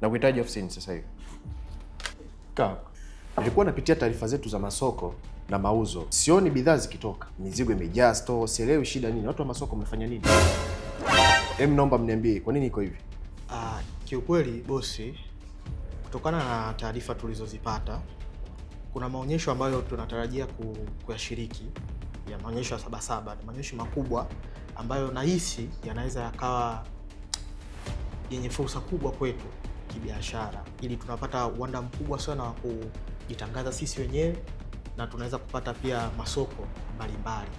Na ofisini sasa hivi. Kaa. Nilikuwa napitia taarifa zetu za masoko na mauzo, sioni bidhaa zikitoka, mizigo imejaa store. Sielewi shida nini, watu wa masoko mmefanya nini? Em, naomba mniambie kwa nini iko hivi? Uh, kiukweli bosi, kutokana na taarifa tulizozipata, kuna maonyesho ambayo tunatarajia kuyashiriki ya maonyesho ya Sabasaba, maonyesho makubwa ambayo nahisi yanaweza yakawa yenye fursa kubwa kwetu kibiashara, ili tunapata uwanda mkubwa sana wa kujitangaza sisi wenyewe na tunaweza kupata pia masoko mbalimbali.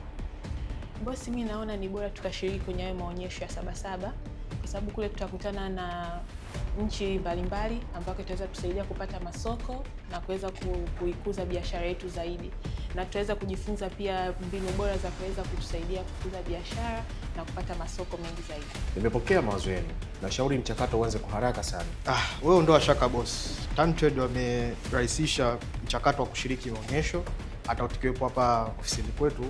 Bosi, mi naona ni bora tukashiriki kwenye hayo maonyesho ya Sabasaba kwa sababu kule tutakutana na nchi mbalimbali ambako itaweza kutusaidia kupata masoko na kuweza kuikuza biashara yetu zaidi na tutaweza kujifunza pia mbinu bora za kuweza kutusaidia kukuza biashara na kupata masoko mengi zaidi. Nimepokea mawazo yenu, nashauri mchakato uanze kwa haraka sana. Ah, wewe ondoa shaka boss. Tantrade wamerahisisha mchakato wa kushiriki maonyesho, hata tukiwepo hapa ofisini kwetu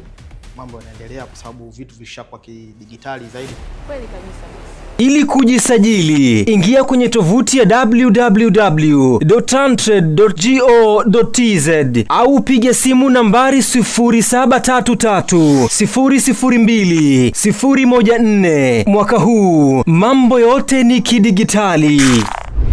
mambo yanaendelea kwa sababu vitu vishakuwa kidigitali zaidi. Kweli kabisa boss. Ili kujisajili, ingia kwenye tovuti ya www.tantrade.go.tz au piga simu nambari 0733 002 014. Mwaka huu mambo yote ni kidigitali.